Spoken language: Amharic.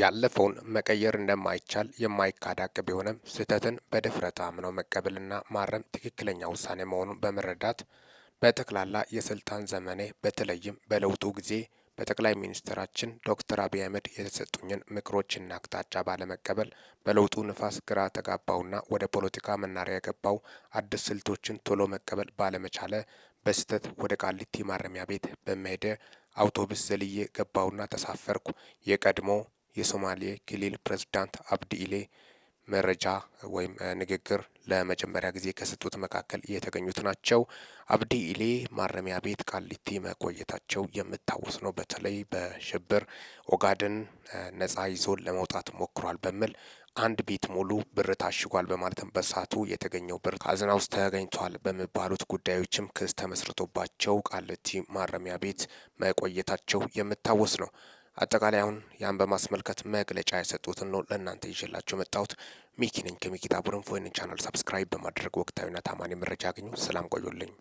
ያለፈውን መቀየር እንደማይቻል የማይካዳቅ ቢሆንም ስህተትን በድፍረት አምኖ መቀበልና ማረም ትክክለኛ ውሳኔ መሆኑን በመረዳት በጠቅላላ የስልጣን ዘመኔ በተለይም በለውጡ ጊዜ በጠቅላይ ሚኒስትራችን ዶክተር አብይ አህመድ የተሰጡኝን ምክሮችና አቅጣጫ ባለመቀበል በለውጡ ንፋስ ግራ ተጋባውና ወደ ፖለቲካ መናሪያ የገባው አዲስ ስልቶችን ቶሎ መቀበል ባለመቻለ በስህተት ወደ ቃሊቲ ማረሚያ ቤት በመሄደ አውቶቡስ ዘልዬ ገባውና ተሳፈርኩ። የቀድሞ የሶማሌ ክልል ፕሬዝዳንት አብዲ ኢሌ መረጃ ወይም ንግግር ለመጀመሪያ ጊዜ ከሰጡት መካከል የተገኙት ናቸው። አብዲ ኢሌ ማረሚያ ቤት ቃሊቲ መቆየታቸው የሚታወስ ነው። በተለይ በሽብር ኦጋድን ነጻ ይዞ ለመውጣት ሞክሯል በሚል አንድ ቤት ሙሉ ብር ታሽጓል በማለትም በሳቱ የተገኘው ብር ካዝና ውስጥ ተገኝቷል በሚባሉት ጉዳዮችም ክስ ተመስርቶባቸው ቃሊቲ ማረሚያ ቤት መቆየታቸው የሚታወስ ነው። አጠቃላይ አሁን ያን በማስመልከት መግለጫ የሰጡትን ነው ለእናንተ ይዤላቸው የመጣሁት። ሚኪ ነኝ ከሚኪታ ቡድን ፎይንን ቻናል ሰብስክራይብ በማድረግ ወቅታዊና ታማኒ መረጃ ያገኙ። ሰላም ቆዩልኝ።